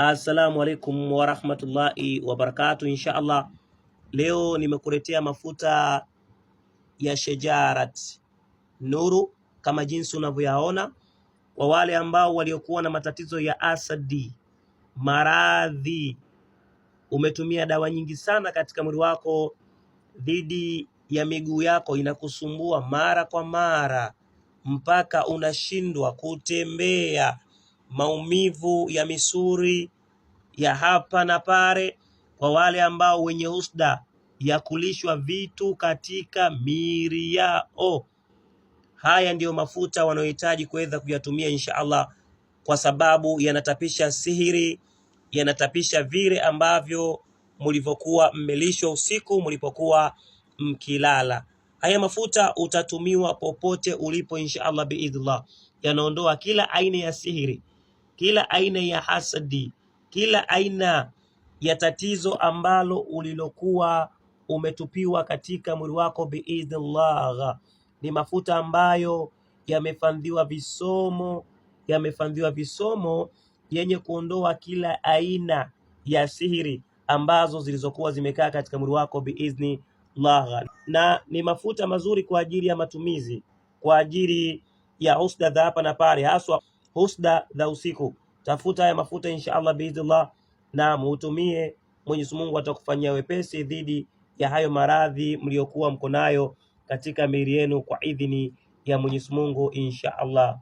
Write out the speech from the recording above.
Assalamu alaikum warahmatullahi wabarakatu Insha Allah, leo nimekuletea mafuta ya shajarat nuru kama jinsi unavyoyaona, kwa wale ambao waliokuwa na matatizo ya asadi, maradhi. Umetumia dawa nyingi sana katika mwili wako, dhidi ya miguu yako inakusumbua mara kwa mara mpaka unashindwa kutembea maumivu ya misuri ya hapa na pale, kwa wale ambao wenye husda ya kulishwa vitu katika miili yao. Haya ndiyo mafuta wanaohitaji kuweza kuyatumia insha Allah, kwa sababu yanatapisha sihiri, yanatapisha vile ambavyo mulivyokuwa mmelishwa usiku mlipokuwa mkilala. Haya mafuta utatumiwa popote ulipo insha Allah biidhnillah, yanaondoa kila aina ya sihiri kila aina ya hasadi, kila aina ya tatizo ambalo ulilokuwa umetupiwa katika mwili wako biidhnillah. Ni mafuta ambayo yamefandhiwa visomo, yamefandhiwa visomo yenye kuondoa kila aina ya sihiri ambazo zilizokuwa zimekaa katika mwili wako biidhni Allah. Na ni mafuta mazuri kwa ajili ya matumizi, kwa ajili ya usda hapa na pale haswa husda za usiku. Tafuta haya mafuta inshaallah biidhnillah, na muutumie. Mwenyezi Mungu atakufanyia wepesi dhidi ya hayo maradhi mliokuwa mko nayo katika miili yenu kwa idhini ya Mwenyezi Mungu inshaallah.